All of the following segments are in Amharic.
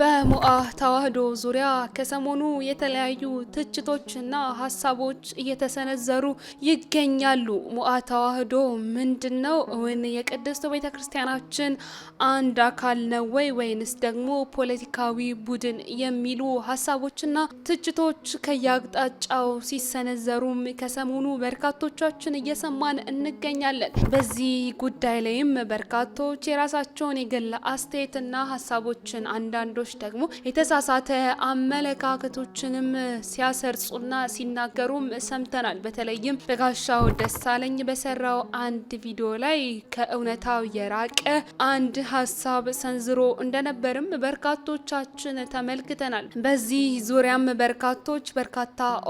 በሞአ ተዋህዶ ዙሪያ ከሰሞኑ የተለያዩ ትችቶችና ሀሳቦች እየተሰነዘሩ ይገኛሉ። ሞአ ተዋህዶ ምንድን ነው? እውን የቅድስት ቤተ ክርስቲያናችን አንድ አካል ነው ወይ ወይንስ ደግሞ ፖለቲካዊ ቡድን የሚሉ ሀሳቦችና ትችቶች ከየአቅጣጫው ሲሰነዘሩም ከሰሞኑ በርካቶቻችን እየሰማን እንገኛለን። በዚህ ጉዳይ ላይም በርካቶች የራሳቸውን የግል አስተያየትና ሀሳቦችን አንዳንዶች ወጣቶች ደግሞ የተሳሳተ አመለካከቶችንም ሲያሰርጹና ሲናገሩም ሰምተናል። በተለይም በጋሻው ደሳለኝ በሰራው አንድ ቪዲዮ ላይ ከእውነታው የራቀ አንድ ሀሳብ ሰንዝሮ እንደነበርም በርካቶቻችን ተመልክተናል። በዚህ ዙሪያም በርካቶች በርካታ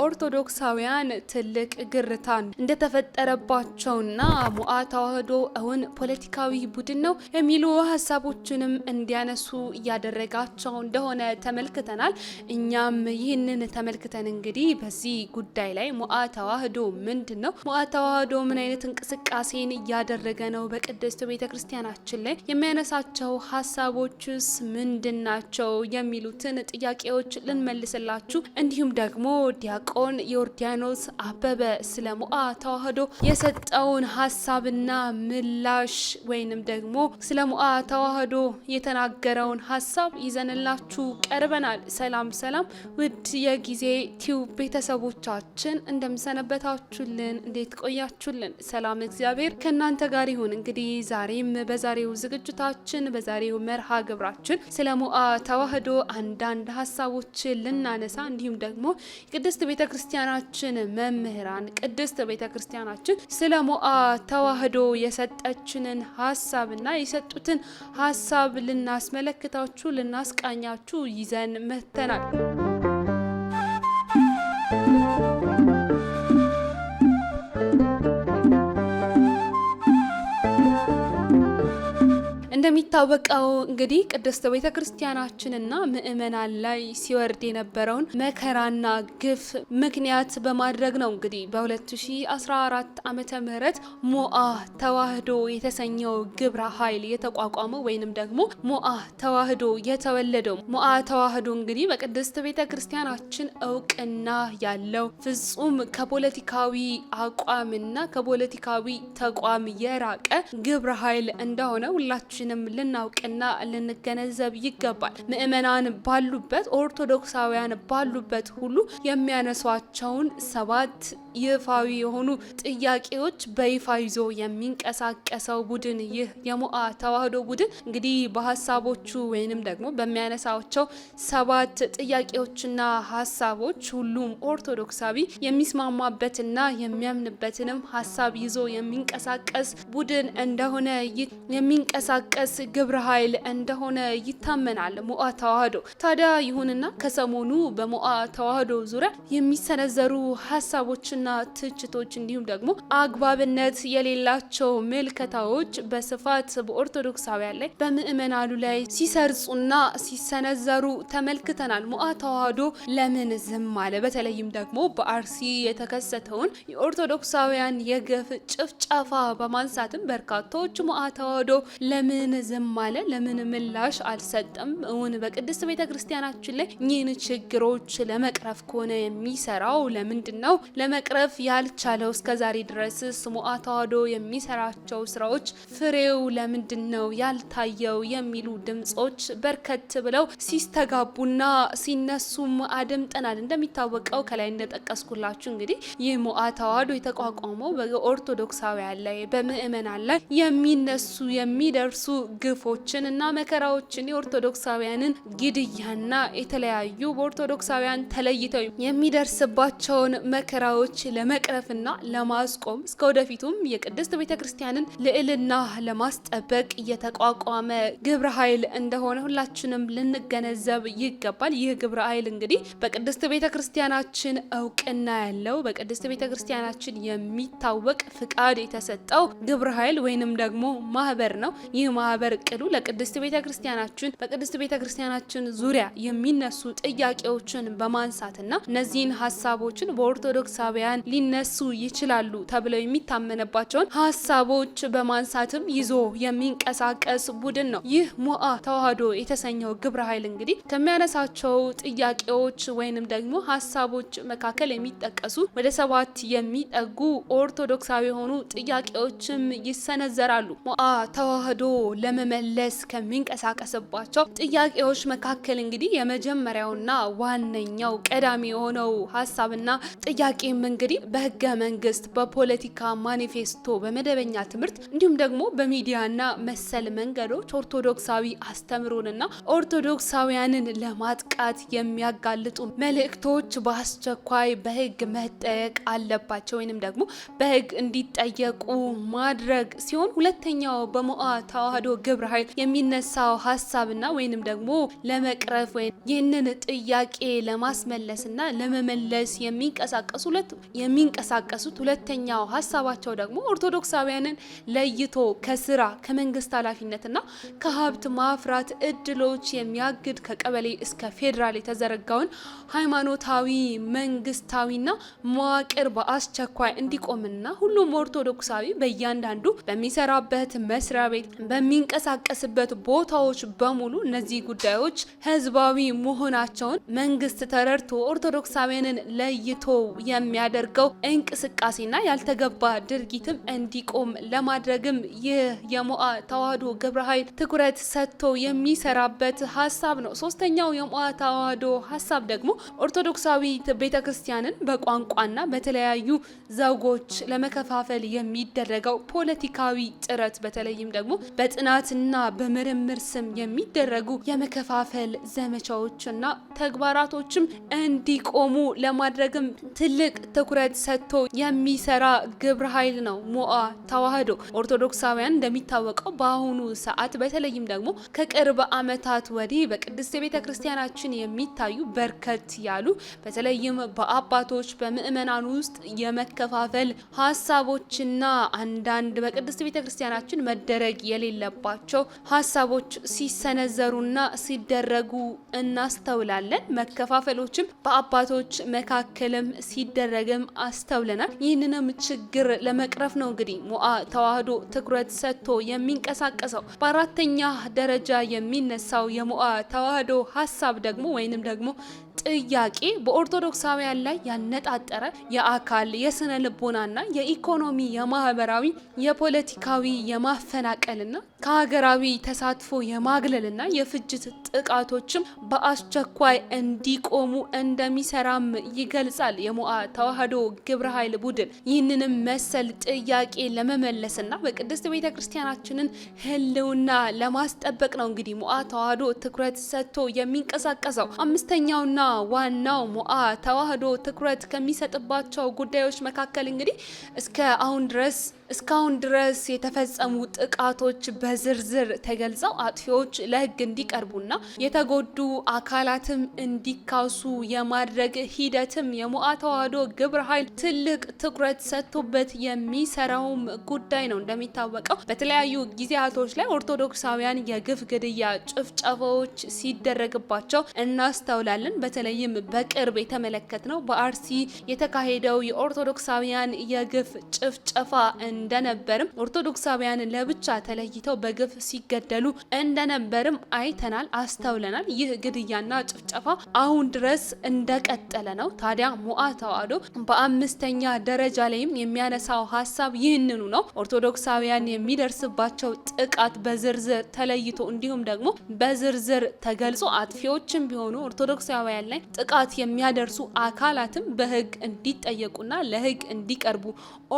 ኦርቶዶክሳውያን ትልቅ ግርታን እንደተፈጠረባቸውና ሙአ ተዋህዶ እውን ፖለቲካዊ ቡድን ነው የሚሉ ሀሳቦችንም እንዲያነሱ እያደረጋቸው ሰው እንደሆነ ተመልክተናል። እኛም ይህንን ተመልክተን እንግዲህ በዚህ ጉዳይ ላይ ሞአ ተዋህዶ ምንድን ነው? ሞአ ተዋህዶ ምን አይነት እንቅስቃሴን እያደረገ ነው? በቅድስት ቤተ ክርስቲያናችን ላይ የሚያነሳቸው ሀሳቦችስ ምንድን ናቸው? የሚሉትን ጥያቄዎች ልንመልስላችሁ እንዲሁም ደግሞ ዲያቆን ዮርዳኖስ አበበ ስለ ሞአ ተዋህዶ የሰጠውን ሀሳብና ምላሽ ወይንም ደግሞ ስለ ሞአ ተዋህዶ የተናገረውን ሀሳብ ይዘን ይዘንላችሁ ቀርበናል። ሰላም ሰላም! ውድ የጊዜ ቲዩብ ቤተሰቦቻችን እንደምሰነበታችሁልን፣ እንዴት ቆያችሁልን? ሰላም እግዚአብሔር ከእናንተ ጋር ይሁን። እንግዲህ ዛሬም በዛሬው ዝግጅታችን በዛሬው መርሃ ግብራችን ስለ ሞአ ተዋህዶ አንዳንድ ሀሳቦችን ልናነሳ እንዲሁም ደግሞ ቅድስት ቤተ ክርስቲያናችን መምህራን ቅድስት ቤተ ክርስቲያናችን ስለ ሞአ ተዋህዶ የሰጠችንን ሀሳብና የሰጡትን ሀሳብ ልናስመለክታችሁ ልናስ በቃኛችሁ ይዘን መተናል። እንደሚታወቀው እንግዲህ ቅድስት ቤተ ክርስቲያናችንና ምእመናን ላይ ሲወርድ የነበረውን መከራና ግፍ ምክንያት በማድረግ ነው እንግዲህ በ2014 ዓመተ ምህረት ሞአ ተዋህዶ የተሰኘው ግብረ ኃይል የተቋቋመው ወይንም ደግሞ ሞአ ተዋህዶ የተወለደው። ሞአ ተዋህዶ እንግዲህ በቅድስት ቤተ ክርስቲያናችን እውቅና ያለው ፍጹም ከፖለቲካዊ አቋምና ከፖለቲካዊ ተቋም የራቀ ግብረ ኃይል እንደሆነ ሁላችንም ልናውቅና ልንገነዘብ ይገባል። ምእመናን ባሉበት ኦርቶዶክሳውያን ባሉበት ሁሉ የሚያነሷቸውን ሰባት ይፋዊ የሆኑ ጥያቄዎች በይፋ ይዞ የሚንቀሳቀሰው ቡድን ይህ የሙአ ተዋህዶ ቡድን እንግዲህ በሀሳቦቹ ወይንም ደግሞ በሚያነሳቸው ሰባት ጥያቄዎችና ሀሳቦች ሁሉም ኦርቶዶክሳዊ የሚስማማበትና የሚያምንበትንም ሀሳብ ይዞ የሚንቀሳቀስ ቡድን እንደሆነ የሚንቀሳቀስ ግብረ ኃይል እንደሆነ ይታመናል። ሙአ ተዋህዶ ታዲያ ይሁንና ከሰሞኑ በሞአ ተዋህዶ ዙሪያ የሚሰነዘሩ ሀሳቦችና ጩኸትና ትችቶች እንዲሁም ደግሞ አግባብነት የሌላቸው ምልከታዎች በስፋት በኦርቶዶክሳውያን ላይ በምእመናሉ ላይ ሲሰርጹና ሲሰነዘሩ ተመልክተናል። ሞዓ ተዋህዶ ለምን ዝም አለ? በተለይም ደግሞ በአርሲ የተከሰተውን የኦርቶዶክሳውያን የገፍ ጭፍጨፋ በማንሳትም በርካታዎች ሞዓ ተዋህዶ ለምን ዝም አለ? ለምን ምላሽ አልሰጠም? እውን በቅድስት ቤተ ክርስቲያናችን ላይ ይህን ችግሮች ለመቅረፍ ከሆነ የሚሰራው ለምንድን ነው? ለመቅረፍ ማትረፍ ያልቻለው እስከ ዛሬ ድረስ ስሙአ ተዋሕዶ የሚሰራቸው ስራዎች ፍሬው ለምንድን ነው ያልታየው የሚሉ ድምጾች በርከት ብለው ሲስተጋቡና ሲነሱም አድምጠናል። እንደሚታወቀው ከላይ እንደጠቀስኩላችሁ እንግዲህ ይህ ሙአ ተዋሕዶ የተቋቋመው በኦርቶዶክሳውያን ላይ በምእመናን ላይ የሚነሱ የሚደርሱ ግፎችን እና መከራዎችን የኦርቶዶክሳውያንን ግድያና የተለያዩ በኦርቶዶክሳውያን ተለይተው የሚደርስባቸውን መከራዎች ሰዎች ለመቅረፍና ለማስቆም እስከ ወደፊቱም የቅድስት ቤተ ክርስቲያንን ልዕልና ለማስጠበቅ የተቋቋመ ግብረ ኃይል እንደሆነ ሁላችንም ልንገነዘብ ይገባል። ይህ ግብረ ኃይል እንግዲህ በቅድስት ቤተ ክርስቲያናችን እውቅና ያለው በቅድስት ቤተ ክርስቲያናችን የሚታወቅ ፍቃድ የተሰጠው ግብረ ኃይል ወይንም ደግሞ ማህበር ነው። ይህ ማህበር እቅዱ ለቅድስት ቤተ ክርስቲያናችን በቅድስት ቤተ ክርስቲያናችን ዙሪያ የሚነሱ ጥያቄዎችን በማንሳትና እነዚህን ሀሳቦችን በኦርቶዶክሳዊያ ኢትዮጵያውያን ሊነሱ ይችላሉ ተብለው የሚታመንባቸውን ሀሳቦች በማንሳትም ይዞ የሚንቀሳቀስ ቡድን ነው። ይህ ሞአ ተዋህዶ የተሰኘው ግብረ ኃይል እንግዲህ ከሚያነሳቸው ጥያቄዎች ወይንም ደግሞ ሀሳቦች መካከል የሚጠቀሱ ወደ ሰባት የሚጠጉ ኦርቶዶክሳዊ የሆኑ ጥያቄዎችም ይሰነዘራሉ። ሞአ ተዋህዶ ለመመለስ ከሚንቀሳቀስባቸው ጥያቄዎች መካከል እንግዲህ የመጀመሪያውና ዋነኛው ቀዳሚ የሆነው ሀሳብና ጥያቄ እንግዲህ በህገ መንግስት፣ በፖለቲካ ማኒፌስቶ፣ በመደበኛ ትምህርት እንዲሁም ደግሞ በሚዲያና መሰል መንገዶች ኦርቶዶክሳዊ አስተምሮንና ኦርቶዶክሳውያንን ለማጥቃት የሚያጋልጡ መልእክቶች በአስቸኳይ በህግ መጠየቅ አለባቸው ወይንም ደግሞ በህግ እንዲጠየቁ ማድረግ ሲሆን ሁለተኛው በሞአ ተዋህዶ ግብረ ኃይል የሚነሳው ሀሳብና ወይንም ደግሞ ለመቅረፍ ወይም ይህንን ጥያቄ ለማስመለስና ለመመለስ የሚንቀሳቀሱ ሁለት የሚንቀሳቀሱት። ሁለተኛው ሀሳባቸው ደግሞ ኦርቶዶክሳውያንን ለይቶ ከስራ ከመንግስት ኃላፊነትና ከሀብት ማፍራት እድሎች የሚያግድ ከቀበሌ እስከ ፌዴራል የተዘረጋውን ሃይማኖታዊ መንግስታዊና መዋቅር በአስቸኳይ እንዲቆምና ሁሉም ኦርቶዶክሳዊ በእያንዳንዱ በሚሰራበት መስሪያ ቤት በሚንቀሳቀስበት ቦታዎች በሙሉ እነዚህ ጉዳዮች ህዝባዊ መሆናቸውን መንግስት ተረድቶ ኦርቶዶክሳውያንን ለይቶ የሚያደ የሚያደርገው እንቅስቃሴና ያልተገባ ድርጊትም እንዲቆም ለማድረግም ይህ የሞአ ተዋህዶ ግብረ ኃይል ትኩረት ሰጥቶ የሚሰራበት ሀሳብ ነው። ሶስተኛው የሞአ ተዋህዶ ሀሳብ ደግሞ ኦርቶዶክሳዊት ቤተ ክርስቲያንን በቋንቋና በተለያዩ ዘውጎች ለመከፋፈል የሚደረገው ፖለቲካዊ ጥረት በተለይም ደግሞ በጥናትና በምርምር ስም የሚደረጉ የመከፋፈል ዘመቻዎችና ተግባራቶችም እንዲቆሙ ለማድረግም ትልቅ ትኩረት ሰጥቶ የሚሰራ ግብረ ኃይል ነው ሞአ ተዋህዶ። ኦርቶዶክሳውያን እንደሚታወቀው በአሁኑ ሰዓት በተለይም ደግሞ ከቅርብ ዓመታት ወዲህ በቅድስት ቤተ ክርስቲያናችን የሚታዩ በርከት ያሉ በተለይም በአባቶች በምእመናን ውስጥ የመከፋፈል ሀሳቦችና አንዳንድ በቅድስት ቤተ ክርስቲያናችን መደረግ የሌለባቸው ሀሳቦች ሲሰነዘሩና ሲደረጉ እናስተውላለን። መከፋፈሎችም በአባቶች መካከልም ሲደረግ መሆኑንም አስተውለናል። ይህንንም ችግር ለመቅረፍ ነው እንግዲህ ሞአ ተዋህዶ ትኩረት ሰጥቶ የሚንቀሳቀሰው። በአራተኛ ደረጃ የሚነሳው የሞአ ተዋህዶ ሀሳብ ደግሞ ወይንም ደግሞ ጥያቄ በኦርቶዶክሳውያን ላይ ያነጣጠረ የአካል የስነ ልቦናና የኢኮኖሚ የማህበራዊ የፖለቲካዊ የማፈናቀልና ከሀገራዊ ተሳትፎ የማግለልና የፍጅት ጥቃቶችም በአስቸኳይ እንዲቆሙ እንደሚሰራም ይገልጻል። የሞአ ተዋህዶ ግብረ ኃይል ቡድን ይህንንም መሰል ጥያቄ ለመመለስና በቅድስት ቤተ ክርስቲያናችንን ህልውና ለማስጠበቅ ነው እንግዲህ ሞአ ተዋህዶ ትኩረት ሰጥቶ የሚንቀሳቀሰው አምስተኛውና ዋናው ሞአ ተዋህዶ ትኩረት ከሚሰጥባቸው ጉዳዮች መካከል እንግዲህ እስከ አሁን ድረስ እስካሁን ድረስ የተፈጸሙ ጥቃቶች በዝርዝር ተገልጸው አጥፊዎች ለሕግ እንዲቀርቡና የተጎዱ አካላትም እንዲካሱ የማድረግ ሂደትም የሞአ ተዋሕዶ ግብረ ኃይል ትልቅ ትኩረት ሰጥቶበት የሚሰራውም ጉዳይ ነው። እንደሚታወቀው በተለያዩ ጊዜያቶች ላይ ኦርቶዶክሳውያን የግፍ ግድያ፣ ጭፍጨፋዎች ሲደረግባቸው እናስተውላለን። በተለይም በቅርብ የተመለከት ነው በአርሲ የተካሄደው የኦርቶዶክሳውያን የግፍ ጭፍጨፋ እንደነበርም ኦርቶዶክሳውያን ለብቻ ተለይተው በግፍ ሲገደሉ እንደነበርም አይተናል፣ አስተውለናል። ይህ ግድያና ጭፍጨፋ አሁን ድረስ እንደቀጠለ ነው። ታዲያ ሙአ ተዋህዶ በአምስተኛ ደረጃ ላይም የሚያነሳው ሀሳብ ይህንኑ ነው። ኦርቶዶክሳውያን የሚደርስባቸው ጥቃት በዝርዝር ተለይቶ እንዲሁም ደግሞ በዝርዝር ተገልጾ አጥፊዎችም ቢሆኑ ኦርቶዶክሳውያን ላይ ጥቃት የሚያደርሱ አካላትም በህግ እንዲጠየቁና ለህግ እንዲቀርቡ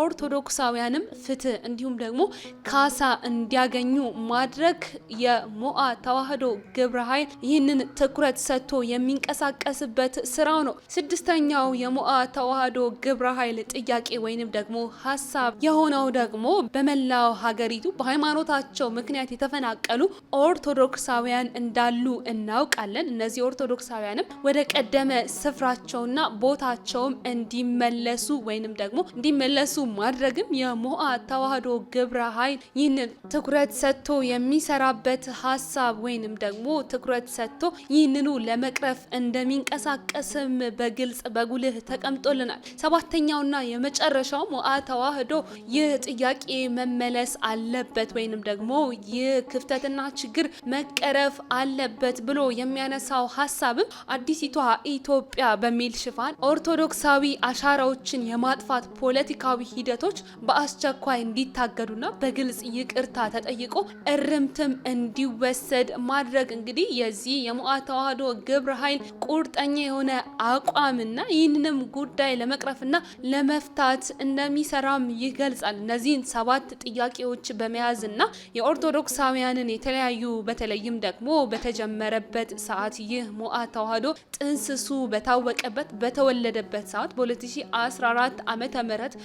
ኦርቶዶክሳውያንም ፍትህ እንዲሁም ደግሞ ካሳ እንዲያገኙ ማድረግ የሞአ ተዋህዶ ግብረ ኃይል ይህንን ትኩረት ሰጥቶ የሚንቀሳቀስበት ስራው ነው። ስድስተኛው የሞአ ተዋህዶ ግብረ ኃይል ጥያቄ ወይንም ደግሞ ሀሳብ የሆነው ደግሞ በመላው ሀገሪቱ በሃይማኖታቸው ምክንያት የተፈናቀሉ ኦርቶዶክሳውያን እንዳሉ እናውቃለን። እነዚህ ኦርቶዶክሳውያንም ወደ ቀደመ ስፍራቸውና ቦታቸውም እንዲመለሱ ወይንም ደግሞ እንዲመለሱ ማድረግም የሞአ የምጽዋት ተዋህዶ ግብረ ኃይል ይህንን ትኩረት ሰጥቶ የሚሰራበት ሀሳብ ወይንም ደግሞ ትኩረት ሰጥቶ ይህንኑ ለመቅረፍ እንደሚንቀሳቀስም በግልጽ በጉልህ ተቀምጦልናል። ሰባተኛውና የመጨረሻው ምጽዋ ተዋህዶ ይህ ጥያቄ መመለስ አለበት ወይንም ደግሞ ይህ ክፍተትና ችግር መቀረፍ አለበት ብሎ የሚያነሳው ሀሳብም አዲሲቷ ኢትዮጵያ በሚል ሽፋን ኦርቶዶክሳዊ አሻራዎችን የማጥፋት ፖለቲካዊ ሂደቶች በአስቸ በአስቸኳይ እንዲታገዱና በግልጽ ይቅርታ ተጠይቆ እርምትም እንዲወሰድ ማድረግ እንግዲህ የዚህ የሙአ ተዋህዶ ግብረ ኃይል ቁርጠኛ የሆነ አቋምና ይህንንም ጉዳይ ለመቅረፍና ለመፍታት እንደሚሰራም ይገልጻል። እነዚህን ሰባት ጥያቄዎች በመያዝና የኦርቶዶክሳውያንን የተለያዩ በተለይም ደግሞ በተጀመረበት ሰዓት ይህ ሙአ ተዋህዶ ጥንስሱ በታወቀበት በተወለደበት ሰዓት በ2014 ዓ ም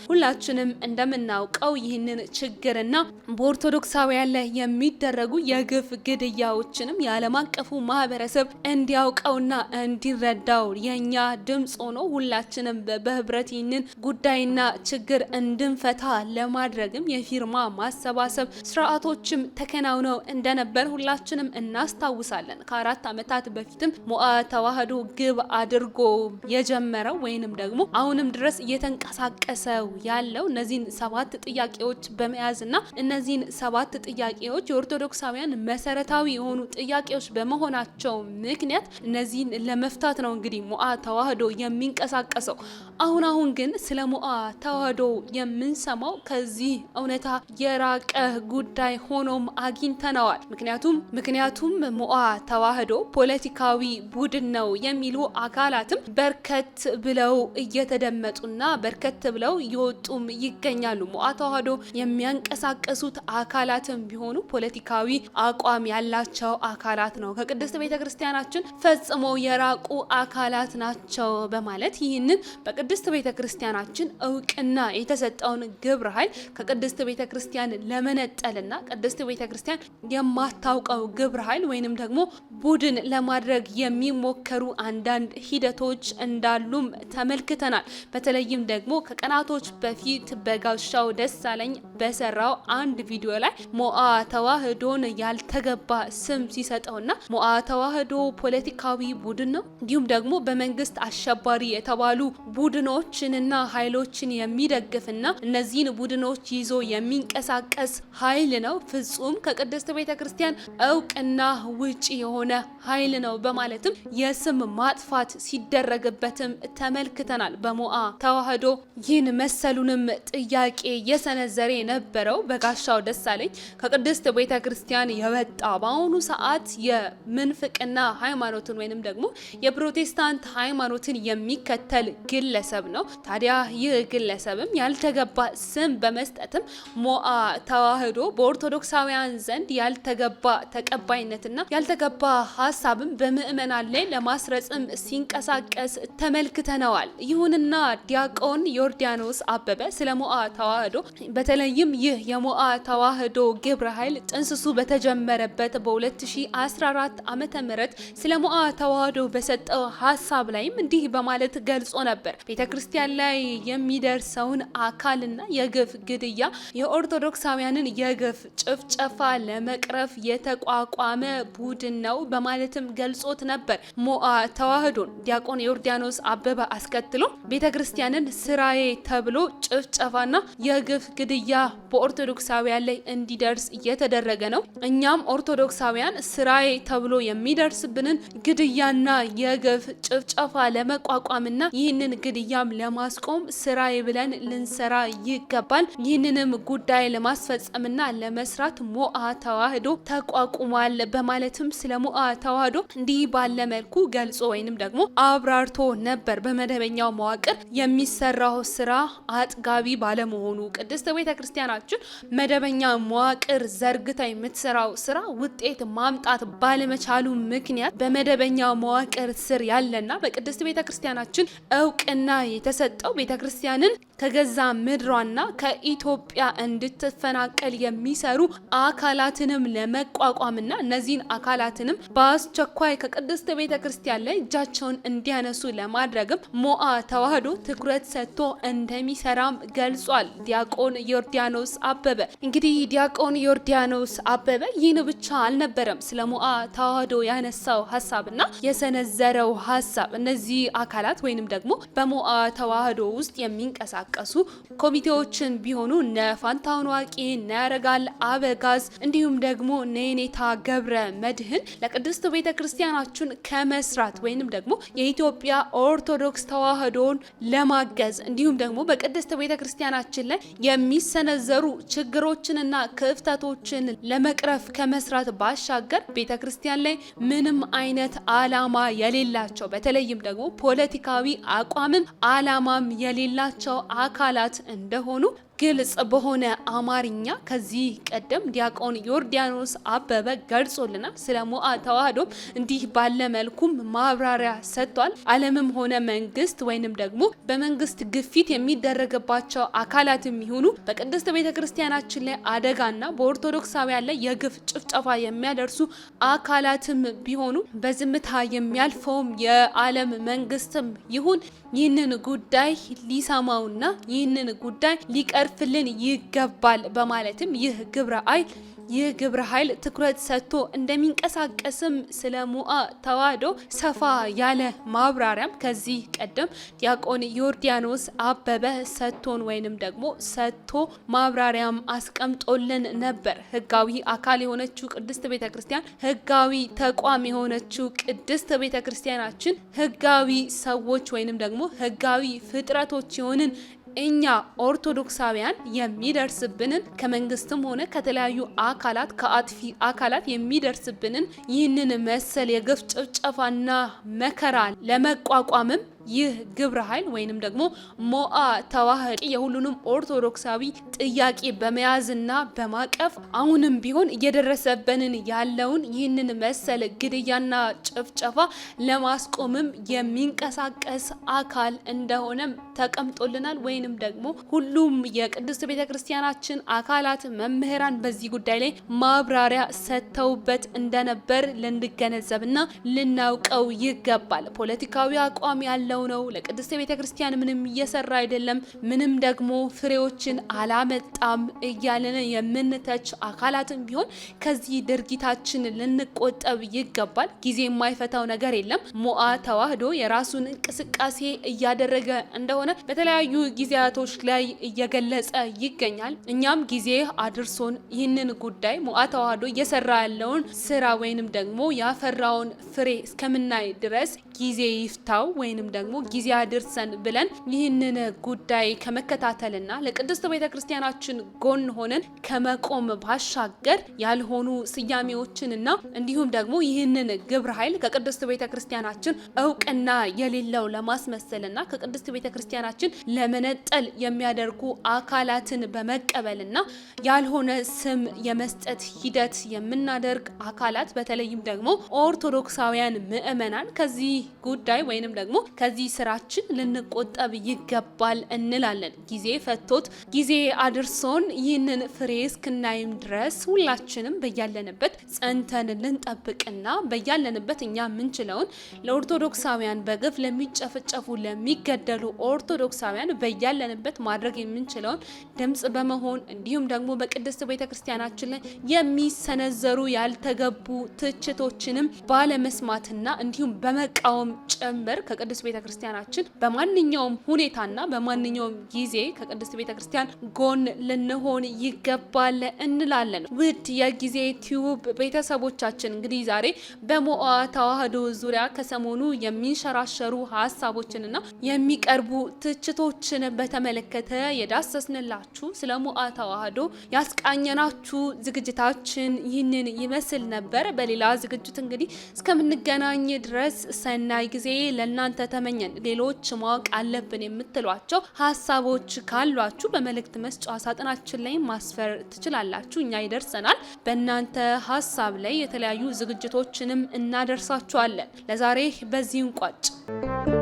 ሁላችንም እንደምናውቀው አውቀው ይህንን ችግርና በኦርቶዶክሳውያን ላይ የሚደረጉ የግፍ ግድያዎችንም የዓለም አቀፉ ማህበረሰብ እንዲያውቀውና እንዲረዳው የእኛ ድምፅ ሆኖ ሁላችንም በህብረት ይህንን ጉዳይና ችግር እንድንፈታ ለማድረግም የፊርማ ማሰባሰብ ስርዓቶችም ተከናውነው እንደነበር ሁላችንም እናስታውሳለን። ከአራት ዓመታት በፊትም ሞአ ተዋህዶ ግብ አድርጎ የጀመረው ወይንም ደግሞ አሁንም ድረስ እየተንቀሳቀሰው ያለው እነዚህን ሰባት ጥያቄዎች በመያዝ እና እነዚህን ሰባት ጥያቄዎች የኦርቶዶክሳውያን መሰረታዊ የሆኑ ጥያቄዎች በመሆናቸው ምክንያት እነዚህን ለመፍታት ነው እንግዲህ ሞአ ተዋህዶ የሚንቀሳቀሰው። አሁን አሁን ግን ስለ ሞአ ተዋህዶ የምንሰማው ከዚህ እውነታ የራቀ ጉዳይ ሆኖም አግኝተነዋል። ምክንያቱም ምክንያቱም ሞአ ተዋህዶ ፖለቲካዊ ቡድን ነው የሚሉ አካላትም በርከት ብለው እየተደመጡና በርከት ብለው እየወጡም ይገኛሉ። ተዋህዶ የሚያንቀሳቀሱት አካላትም ቢሆኑ ፖለቲካዊ አቋም ያላቸው አካላት ነው፣ ከቅድስት ቤተ ክርስቲያናችን ፈጽሞ የራቁ አካላት ናቸው በማለት ይህንን በቅድስት ቤተ ክርስቲያናችን እውቅና የተሰጠውን ግብረ ኃይል ከቅድስት ቤተ ክርስቲያን ለመነጠልና ቅድስት ቤተ ክርስቲያን የማታውቀው ግብረ ኃይል ወይንም ደግሞ ቡድን ለማድረግ የሚሞከሩ አንዳንድ ሂደቶች እንዳሉም ተመልክተናል። በተለይም ደግሞ ከቀናቶች በፊት በጋሻው ደሳለኝ በሰራው አንድ ቪዲዮ ላይ ሞአ ተዋህዶን ያልተገባ ስም ሲሰጠውና ሞአ ተዋህዶ ፖለቲካዊ ቡድን ነው እንዲሁም ደግሞ በመንግስት አሸባሪ የተባሉ ቡድኖችንና ኃይሎችን የሚደግፍና እነዚህን ቡድኖች ይዞ የሚንቀሳቀስ ኃይል ነው፣ ፍጹም ከቅድስት ቤተ ክርስቲያን እውቅና ውጪ የሆነ ኃይል ነው በማለትም የስም ማጥፋት ሲደረግበትም ተመልክተናል። በሞአ ተዋህዶ ይህን መሰሉንም ጥያቄ እየሰነዘረ የነበረው በጋሻው ደሳለኝ ከቅድስት ቤተ ክርስቲያን የወጣ በአሁኑ ሰዓት የምንፍቅና ሃይማኖትን ወይንም ደግሞ የፕሮቴስታንት ሃይማኖትን የሚከተል ግለሰብ ነው። ታዲያ ይህ ግለሰብም ያልተገባ ስም በመስጠትም ሞአ ተዋህዶ በኦርቶዶክሳውያን ዘንድ ያልተገባ ተቀባይነትና ያልተገባ ሀሳብም በምእመናን ላይ ለማስረጽም ሲንቀሳቀስ ተመልክተነዋል። ይሁንና ዲያቆን ዮርዳኖስ አበበ ስለ ሞአ ተዋህዶ ተዋህዶ በተለይም ይህ የሞአ ተዋህዶ ግብረ ኃይል ጥንስሱ በተጀመረበት በ2014 ዓ ም ስለ ሞአ ተዋህዶ በሰጠው ሀሳብ ላይም እንዲህ በማለት ገልጾ ነበር። ቤተ ክርስቲያን ላይ የሚደርሰውን አካልና የግፍ ግድያ፣ የኦርቶዶክሳውያንን የግፍ ጭፍጨፋ ለመቅረፍ የተቋቋመ ቡድን ነው በማለትም ገልጾት ነበር። ሞአ ተዋህዶን ዲያቆን ዮርዳኖስ አበበ አስከትሎ ቤተ ክርስቲያንን ስራዬ ተብሎ ጭፍጨፋና ግፍ፣ ግድያ በኦርቶዶክሳውያን ላይ እንዲደርስ እየተደረገ ነው። እኛም ኦርቶዶክሳውያን ስራዬ ተብሎ የሚደርስብንን ግድያና የግፍ ጭፍጨፋ ለመቋቋምና ይህንን ግድያም ለማስቆም ስራዬ ብለን ልንሰራ ይገባል። ይህንንም ጉዳይ ለማስፈጸምና ለመስራት ሞአ ተዋህዶ ተቋቁሟል በማለትም ስለ ሞአ ተዋህዶ እንዲህ ባለ መልኩ ገልጾ ወይንም ደግሞ አብራርቶ ነበር። በመደበኛው መዋቅር የሚሰራው ስራ አጥጋቢ ባለመሆኑ ቅድስት ቤተ ክርስቲያናችን መደበኛ መዋቅር ዘርግታ የምትሰራው ስራ ውጤት ማምጣት ባለመቻሉ ምክንያት በመደበኛ መዋቅር ስር ያለና በቅድስት ቤተ ክርስቲያናችን እውቅና የተሰጠው ቤተ ክርስቲያንን ከገዛ ምድሯና ከኢትዮጵያ እንድትፈናቀል የሚሰሩ አካላትንም ለመቋቋምና እነዚህን አካላትንም በአስቸኳይ ከቅድስት ቤተ ክርስቲያን ላይ እጃቸውን እንዲያነሱ ለማድረግም ሞአ ተዋህዶ ትኩረት ሰጥቶ እንደሚሰራም ገልጿል። ዲያቆን ዮርዳኖስ አበበ። እንግዲህ ዲያቆን ዮርዳኖስ አበበ ይህን ብቻ አልነበረም ስለ ሙአ ተዋህዶ ያነሳው ሀሳብና የሰነዘረው ሀሳብ እነዚህ አካላት ወይንም ደግሞ በሙአ ተዋህዶ ውስጥ የሚንቀሳቀሱ ኮሚቴዎችን ቢሆኑ እነ ፋንታሁን ዋቂ፣ እነ ያረጋል አበጋዝ እንዲሁም ደግሞ እነ ገብረ መድህን ለቅድስት ቤተ ክርስቲያናችን ከመስራት ወይንም ደግሞ የኢትዮጵያ ኦርቶዶክስ ተዋህዶን ለማገዝ እንዲሁም ደግሞ በቅድስት ቤተ ክርስቲያናችን ላይ የሚሰነዘሩ ችግሮችንና ክፍተቶችን ለመቅረፍ ከመስራት ባሻገር ቤተ ክርስቲያን ላይ ምንም አይነት አላማ የሌላቸው በተለይም ደግሞ ፖለቲካዊ አቋምም አላማም የሌላቸው አካላት እንደሆኑ ግልጽ በሆነ አማርኛ ከዚህ ቀደም ዲያቆን ዮርዳኖስ አበበ ገልጾልናል። ስለ ሞአ ተዋህዶም እንዲህ ባለ መልኩም ማብራሪያ ሰጥቷል። ዓለምም ሆነ መንግስት ወይንም ደግሞ በመንግስት ግፊት የሚደረግባቸው አካላት የሚሆኑ በቅድስት ቤተ ክርስቲያናችን ላይ አደጋና በኦርቶዶክሳውያን ላይ የግፍ ጭፍጨፋ የሚያደርሱ አካላትም ቢሆኑ በዝምታ የሚያልፈውም የዓለም መንግስትም ይሁን ይህንን ጉዳይ ሊሰማውና ይህንን ጉዳይ ሊቀርፍልን ይገባል በማለትም ይህ ግብረ አይል ይህ ግብረ ኃይል ትኩረት ሰጥቶ እንደሚንቀሳቀስም ስለ ሙአ ተዋሕዶ ሰፋ ያለ ማብራሪያም ከዚህ ቀደም ዲያቆን ዮርዳኖስ አበበ ሰጥቶን ወይንም ደግሞ ሰጥቶ ማብራሪያም አስቀምጦልን ነበር። ህጋዊ አካል የሆነችው ቅድስት ቤተ ክርስቲያን፣ ህጋዊ ተቋም የሆነችው ቅድስት ቤተ ክርስቲያናችን ህጋዊ ሰዎች ወይንም ደግሞ ህጋዊ ፍጥረቶች የሆንን እኛ ኦርቶዶክሳውያን የሚደርስብንን ከመንግስትም ሆነ ከተለያዩ አካላት ከአጥፊ አካላት የሚደርስብንን ይህንን መሰል የግፍ ጭፍጨፋና መከራ ለመቋቋምም ይህ ግብረ ኃይል ወይንም ደግሞ ሞአ ተዋህድ የሁሉንም ኦርቶዶክሳዊ ጥያቄ በመያዝና በማቀፍ አሁንም ቢሆን እየደረሰበንን ያለውን ይህንን መሰል ግድያና ጭፍጨፋ ለማስቆምም የሚንቀሳቀስ አካል እንደሆነም ተቀምጦልናል። ወይንም ደግሞ ሁሉም የቅድስት ቤተ ክርስቲያናችን አካላት መምህራን በዚህ ጉዳይ ላይ ማብራሪያ ሰጥተውበት እንደነበር ልንገነዘብና ልናውቀው ይገባል። ፖለቲካዊ አቋም ያለው ያለው ነው። ለቅድስት ቤተ ክርስቲያን ምንም እየሰራ አይደለም፣ ምንም ደግሞ ፍሬዎችን አላመጣም እያለን የምንተች አካላትም ቢሆን ከዚህ ድርጊታችን ልንቆጠብ ይገባል። ጊዜ የማይፈታው ነገር የለም። ሞአ ተዋህዶ የራሱን እንቅስቃሴ እያደረገ እንደሆነ በተለያዩ ጊዜያቶች ላይ እየገለጸ ይገኛል። እኛም ጊዜ አድርሶን ይህንን ጉዳይ ሞአ ተዋህዶ እየሰራ ያለውን ስራ ወይንም ደግሞ ያፈራውን ፍሬ እስከምናይ ድረስ ጊዜ ይፍታው ወይንም ደግሞ ደግሞ ጊዜ አድርሰን ብለን ይህንን ጉዳይ ከመከታተልና ለቅድስት ቤተ ክርስቲያናችን ጎን ሆነን ከመቆም ባሻገር ያልሆኑ ስያሜዎችንና እንዲሁም ደግሞ ይህንን ግብረ ኃይል ከቅድስት ቤተ ክርስቲያናችን እውቅና የሌለው ለማስመሰልና ከቅድስት ቤተ ክርስቲያናችን ለመነጠል የሚያደርጉ አካላትን በመቀበልና ያልሆነ ስም የመስጠት ሂደት የምናደርግ አካላት በተለይም ደግሞ ኦርቶዶክሳውያን ምእመናን ከዚህ ጉዳይ ወይንም ደግሞ ከዚህ ስራችን ልንቆጠብ ይገባል እንላለን። ጊዜ ፈቶት ጊዜ አድርሶን ይህንን ፍሬ እስክናይም ድረስ ሁላችንም በያለንበት ጸንተን ልንጠብቅና በያለንበት እኛ ምንችለውን ለኦርቶዶክሳውያን በግፍ ለሚጨፈጨፉ ለሚገደሉ ኦርቶዶክሳውያን በያለንበት ማድረግ የምንችለውን ድምጽ በመሆን እንዲሁም ደግሞ በቅድስት ቤተ ክርስቲያናችን ላይ የሚሰነዘሩ ያልተገቡ ትችቶችንም ባለመስማትና እንዲሁም በመቃወም ጭምር ከቅዱስ ቤተ ቤተክርስቲያናችን በማንኛውም ሁኔታና በማንኛውም ጊዜ ከቅድስት ቤተክርስቲያን ጎን ልንሆን ይገባል እንላለን። ውድ የጊዜ ቲዩብ ቤተሰቦቻችን እንግዲህ ዛሬ በሞአ ተዋህዶ ዙሪያ ከሰሞኑ የሚንሸራሸሩ ሀሳቦችንና የሚቀርቡ ትችቶችን በተመለከተ የዳሰስንላችሁ ስለ ሞአ ተዋህዶ ያስቃኘናችሁ ዝግጅታችን ይህንን ይመስል ነበር። በሌላ ዝግጅት እንግዲህ እስከምንገናኝ ድረስ ሰናይ ጊዜ ለእናንተ ተመኝ ያገኘን ሌሎች ማወቅ አለብን የምትሏቸው ሀሳቦች ካሏችሁ በመልእክት መስጫ ሳጥናችን ላይ ማስፈር ትችላላችሁ። እኛ ይደርሰናል። በእናንተ ሀሳብ ላይ የተለያዩ ዝግጅቶችንም እናደርሳችኋለን። ለዛሬ በዚህ እንቋጭ።